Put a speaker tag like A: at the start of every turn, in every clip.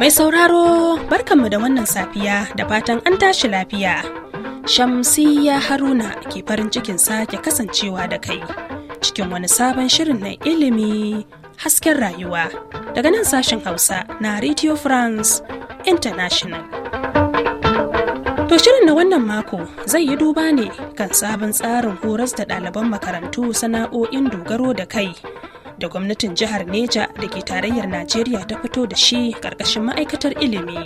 A: Mai sauraro barkanmu da wannan safiya da fatan an tashi lafiya. Shamsiyya Haruna ke farin cikin sake kasancewa da kai cikin wani sabon shirin na ilimi hasken rayuwa daga nan sashen Hausa na Radio France International. To shirin na wannan mako zai yi duba ne kan sabon tsarin horas da ɗaliban makarantu sana'o'in dogaro da kai da gwamnatin jihar Neja da ke tarayyar Najeriya ta fito da shi ƙarƙashin ma'aikatar ilimi.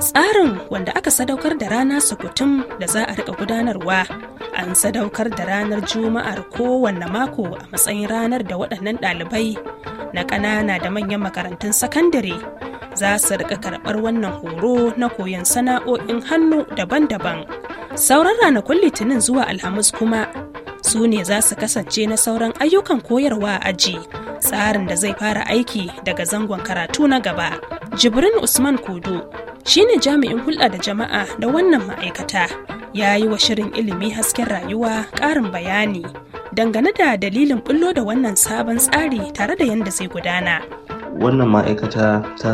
A: Tsarin wanda aka sadaukar da rana sukutum da za a rika gudanarwa an sadaukar da ranar Juma'ar kowanne mako a matsayin ranar da waɗannan ɗalibai na ƙanana da manyan makarantun sakandare za su rika karɓar wannan horo na koyon sana'o'in hannu daban-daban. Sauran ranakun Litinin zuwa Alhamis kuma su ne za su kasance na sauran ayyukan koyarwa a aji tsarin da zai fara aiki daga zangon karatu na gaba jibrin usman kudu shi ne jami'in hulɗa da jama'a da wannan ma'aikata ya yi wa shirin ilimi hasken rayuwa ƙarin bayani dangane da dalilin bullo da wannan sabon tsari tare da yadda zai gudana
B: wannan ma'aikata ta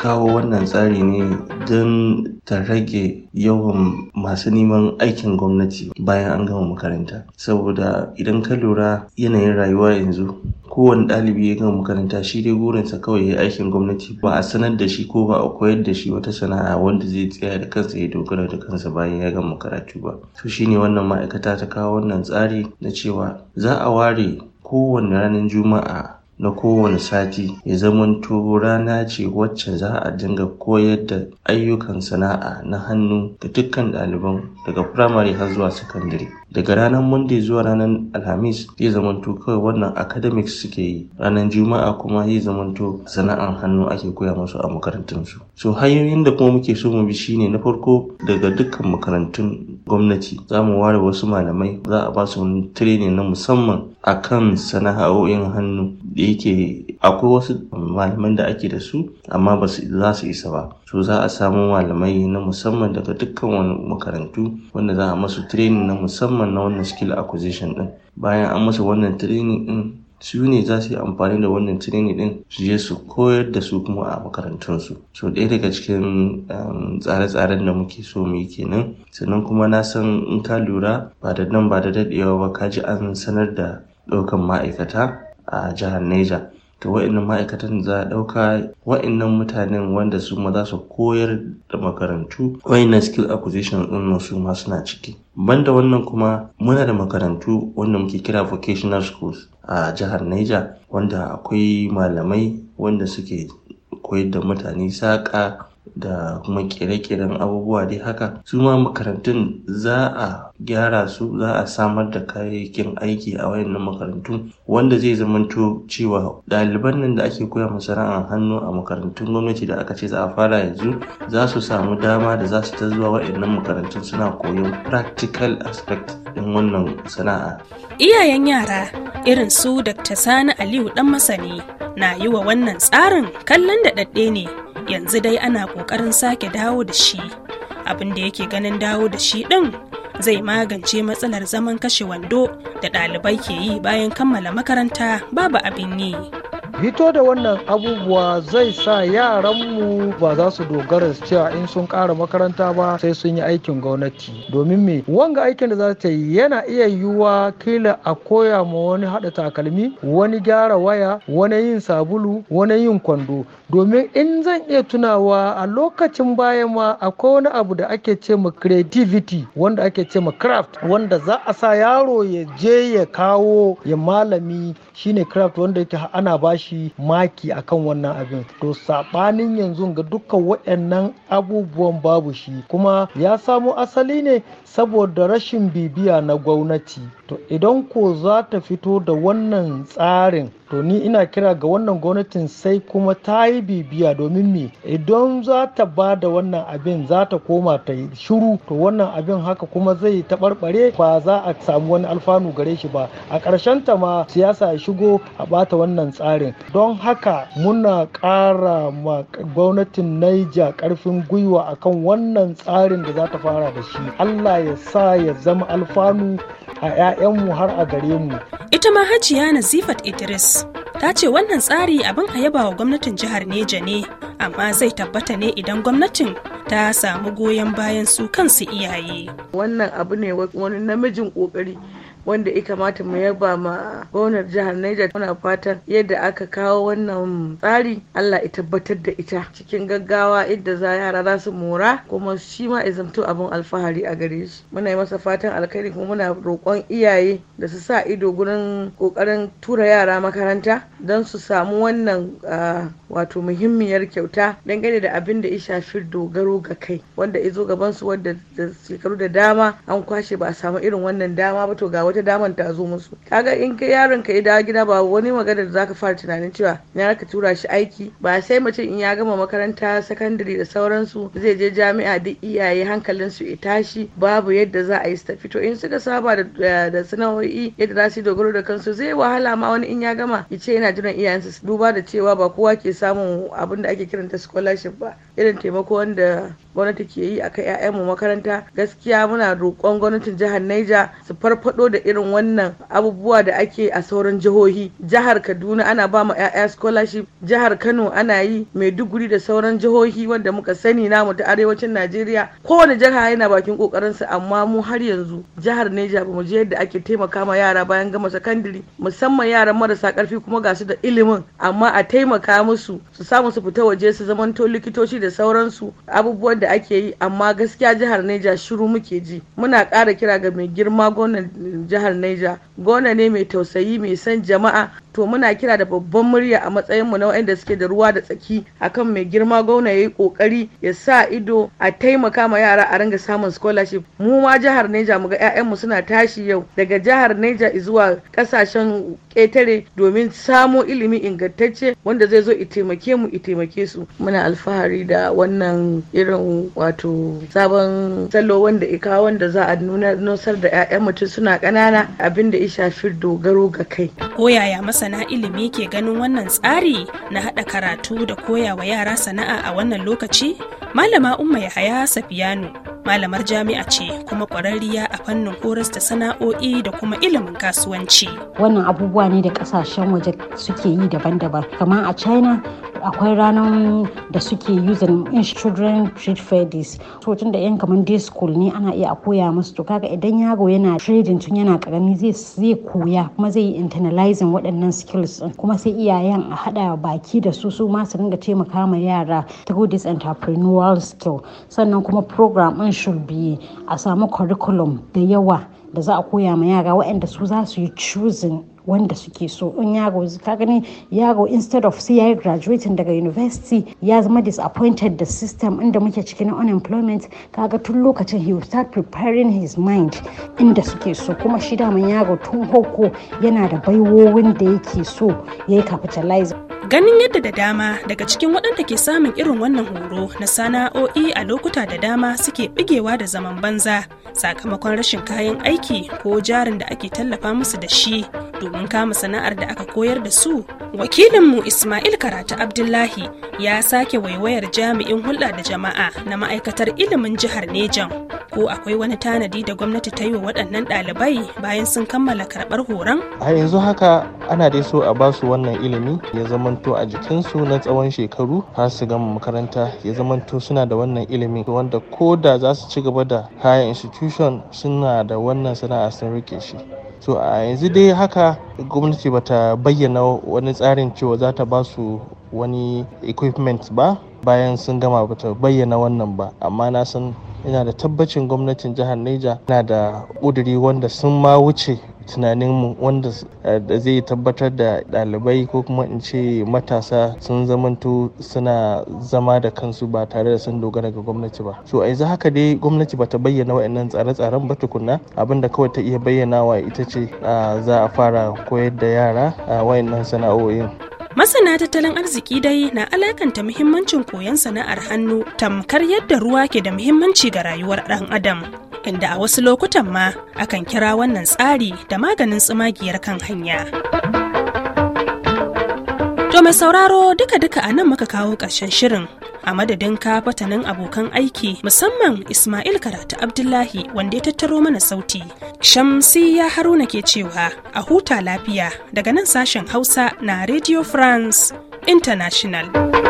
B: kawo wannan tsari ne don ta rage yawan masu neman aikin gwamnati bayan an gama makaranta saboda idan ka lura yanayin rayuwa yanzu kowane ɗalibi ya gama makaranta shi dai burinsa kawai ya yi aikin gwamnati ba a sanar da shi ko ba a koyar da shi wata sana'a wanda zai tsaya da kansa ya dogara da kansa bayan ya gama karatu ba to shine wannan ma'aikata ta kawo wannan tsari na cewa za a ware kowane ranar juma'a na kowane sati ya zamanto rana ce wacce za a dinga koyar da ayyukan sana'a na hannu ga dukkan ɗaliban daga firamare har zuwa sakandare daga ranar monday zuwa ranar alhamis zai zamanto kawai wannan academics suke yi ranar juma'a kuma zai zamanto sana'ar hannu ake koya musu a makarantunsu so hanyoyin da kuma muke so mu bi shine na farko daga dukkan makarantun gwamnati za mu ware wasu malamai za a ba su wani training na musamman akan sana'o'in hannu da yake akwai wasu malaman da ake da su amma ba za su isa ba so za a samu malamai na musamman daga dukkan wani makarantu wanda za a masu training na musamman na wannan skill acquisition din bayan an masa wannan training din su ne za su yi amfani da wannan training din su je su koyar da su kuma a makarantunsu so ɗaya daga cikin um, tsare-tsaren da muke so mu yi kenan sannan kuma na san in ka lura ba da nan ba da daɗewa ba ka ji an sanar da ɗaukan ma'aikata a jihar Niger. Ta wa'annan ma'aikatan za a ɗauka wa'annan mutanen wanda su ma za su koyar da makarantu wa'annan skill acquisition ɗin su ma suna ciki banda wannan kuma muna da makarantu wanda muke kira vocational schools a jihar Niger wanda akwai malamai wanda suke koyar da mutane saƙa da kuma kere-keren abubuwa dai haka su ma makarantun za a gyara su za a samar da kayayyakin aiki a wayannan makarantu wanda zai zamanto cewa ɗaliban nan da ake koya musu sana'ar hannu a makarantun gwamnati da aka ce za a fara yanzu za su samu dama da za su ta zuwa wayannan makarantun suna koyon practical aspect din wannan sana'a
A: iyayen yara irin su dr sani aliyu dan masani na yi wa wannan tsarin kallon da ne yanzu dai ana ƙoƙarin sake dawo da shi abin da yake ganin dawo da shi ɗin zai magance matsalar zaman kashe wando da ɗalibai ke yi bayan kammala makaranta babu abin yi.
C: fito da wannan abubuwa zai sa yaranmu ba za su dogara su cewa in sun ƙara makaranta ba sai sun yi aikin gwamnati domin me wanga aikin da za ta yi yana iya yiwuwa kila a koya ma wani haɗa takalmi wani gyara waya wani yin sabulu wani yin kwando domin in zan iya tunawa a lokacin baya ma akwai wani abu da ake ce ma creativity wanda ake ce ma craft wanda za a sa yaro ya je ya kawo ya malami shine craft wanda yake ana bashi shi maki kan wannan abin to saɓanin yanzu ga dukkan waɗannan abubuwan babu shi kuma ya samo asali ne saboda rashin bibiya na gwamnati to idan ko za ta fito da wannan tsarin to ni ina kira ga wannan gwamnatin sai kuma ta yi bibiya domin me idan za ta ba da wannan abin za ta koma ta yi shiru to wannan abin haka kuma zai taɓarɓare ba za a samu wani alfanu gare shi ba a ƙarshen ta ma siyasa ya shigo a ɓata wannan tsarin don haka muna ƙara ma gwamnatin naija ƙarfin gwiwa akan wannan tsarin da za ta fara da shi allah ya sa ya zama alfanu a 'ya'yanmu har a gare mu.
A: Ita ma Hajiya Nazifat Idris ta ce wannan tsari abin a yaba wa gwamnatin jihar Neja ne, amma zai tabbata ne idan gwamnatin ta samu goyon bayan su kansu
D: iyaye. Wannan abu ne wani namijin ƙoƙari. wanda ya kamata mu yaba ma gonar jihar Niger muna fatan yadda aka kawo wannan tsari Allah ya tabbatar da ita cikin gaggawa idda za yara za su mora kuma shi ma ya abin alfahari a gare shi muna yi masa fatan alkhairi kuma muna roƙon iyaye da su sa ido gurin ƙoƙarin tura yara makaranta don su samu wannan wato muhimmiyar kyauta dangane da abin da ya shafi dogaro ga kai wanda ya zo gaban su wanda shekaru da dama an kwashe ba a samu irin wannan dama ba to ga wata wata daman ta zo musu kaga in ka yaron ka ya dawo gida ba wani magana da zaka fara tunanin cewa ya ka tura shi aiki ba sai mutum in ya gama makaranta sakandare da sauransu zai je jami'a da iyaye hankalin su ya tashi babu yadda za a yi su tafi to in suka saba da eh, sana'o'i yadda za su dogaro da kansu zai wahala ma wani in ya gama ya ce yana jiran iyayensa duba da cewa ba kowa ke samun abin da ake kiranta scholarship ba irin taimako wanda gwamnati ke yi a akan mu makaranta gaskiya muna roƙon gwamnatin jihar Niger su farfado da irin wannan abubuwa da ake a sauran jihohi jihar Kaduna ana ba mu ƴaƴa scholarship jihar Kano ana yi mai Maiduguri da sauran jihohi wanda muka sani namu ta arewacin Najeriya kowane jiha yana bakin kokarin sa amma mu har yanzu jihar Niger ba mu je yadda ake taimaka ma yara bayan gama sakandiri musamman yaran marasa karfi kuma ga su da ilimin amma a taimaka musu su samu su fita waje su zamanto likitoci da sauransu abubuwan da da ake yi amma gaskiya jihar Neja shiru muke ji muna ƙara kira ga mai girma gonan jihar Neja gona ne mai tausayi mai son jama'a to muna kira da babban murya a matsayinmu na waɗanda suke da ruwa da tsaki akan mai girma gauna ya yi kokari ya sa ido a taimaka ma yara a ringa samun scholarship mu ma jihar Neja mu ga ƴaƴanmu suna tashi yau daga jihar Neja zuwa kasashen ƙetare domin samo ilimi ingantacce wanda zai zo itaimake mu itaimake taimake su muna alfahari da wannan irin wato sabon salo wanda ika wanda za a nuna nosar da 'ya'yan mutum suna ƙanana abin ya shafi dogaro ga kai
A: ko masa masana ilimi ke ganin wannan tsari na haɗa karatu da koyawa yara sana'a a wannan lokaci? Malama Umma Yahaya Safiyanu malamar jami'a ce kuma kwararriya a fannin koras da sana'o'i da kuma ilimin kasuwanci wannan abubuwa ne da kasashen waje suke yi daban-daban kamar a china akwai ranar da suke using in children trade fair days So tun da yan kamar day school ne ana iya koya musu to kaga idan yaro yana trading tun yana karami zai zai koya kuma zai internalizing waɗannan skills din kuma sai iyayen a hada baki da su su ma su dinga taimaka ma yara through this entrepreneurial skill sannan kuma program in should be a samu curriculum da yawa da za a koya ma yara waɗanda su za su yi choosing wanda suke so in yaro ka gani yaro instead of sai yayi graduating daga university ya zama disappointed the system inda muke cikin unemployment kaga tun lokacin he will start preparing his mind inda suke so kuma shi daman yaro tun hoko yana da baiwowin da yake so yayi capitalize ganin yadda da dama daga cikin waɗanda ke samun irin wannan horo na sana'o'i a lokuta da dama suke bigewa da zaman banza sakamakon rashin kayan aiki ko jarin da ake tallafa musu da shi domin kama sana'ar da aka koyar da su wakilinmu ismail karatu abdullahi ya sake waiwayar jami'in hulɗa da jama'a na ma'aikatar ilimin jihar nejan ko akwai wani tanadi da gwamnati ta yi wa waɗannan ɗalibai bayan sun kammala karɓar horon
B: a yanzu haka ana dai so a basu wannan ilimi ya zamanto a jikinsu na tsawon shekaru har su gama makaranta ya zamanto suna da wannan ilimi wanda ko da za su ci gaba da haya institution suna da wannan sana'a sun rike shi so a yanzu dai haka gwamnati bata bayyana wani tsarin cewa za ta ba su wani equipment ba bayan sun gama bata bayyana wannan ba amma na san ina da tabbacin gwamnatin jihar Neja na da ƙuduri wanda sun ma wuce tunaninmu wanda eh, zai tabbatar da ɗalibai ko kuma in ce matasa sun zamanto suna zama da kansu ba tare da sun dogara ga gwamnati ba so a yanzu haka dai gwamnati ba ta bayyana wa'annan tsare-tsaren ba tukunna abin da kawai ta iya bayyanawa ita ce ah, za a fara koyar da yara ah, wa'annan sana'o'in
A: Masana tattalin arziki dai na alakanta muhimmancin koyon sana'ar hannu tamkar yadda ruwa ke da muhimmanci ga rayuwar ɗan adam. Inda a wasu lokutan ma akan kira wannan tsari da maganin tsimagiyar kan hanya. To mai sauraro duka-duka a nan muka kawo ƙarshen shirin a madadin ka fatanin abokan aiki musamman Ismail Karatu Abdullahi wanda ya tattaro mana sauti. Shamsi ya Haruna ke cewa a huta lafiya daga nan sashen Hausa na Radio France International.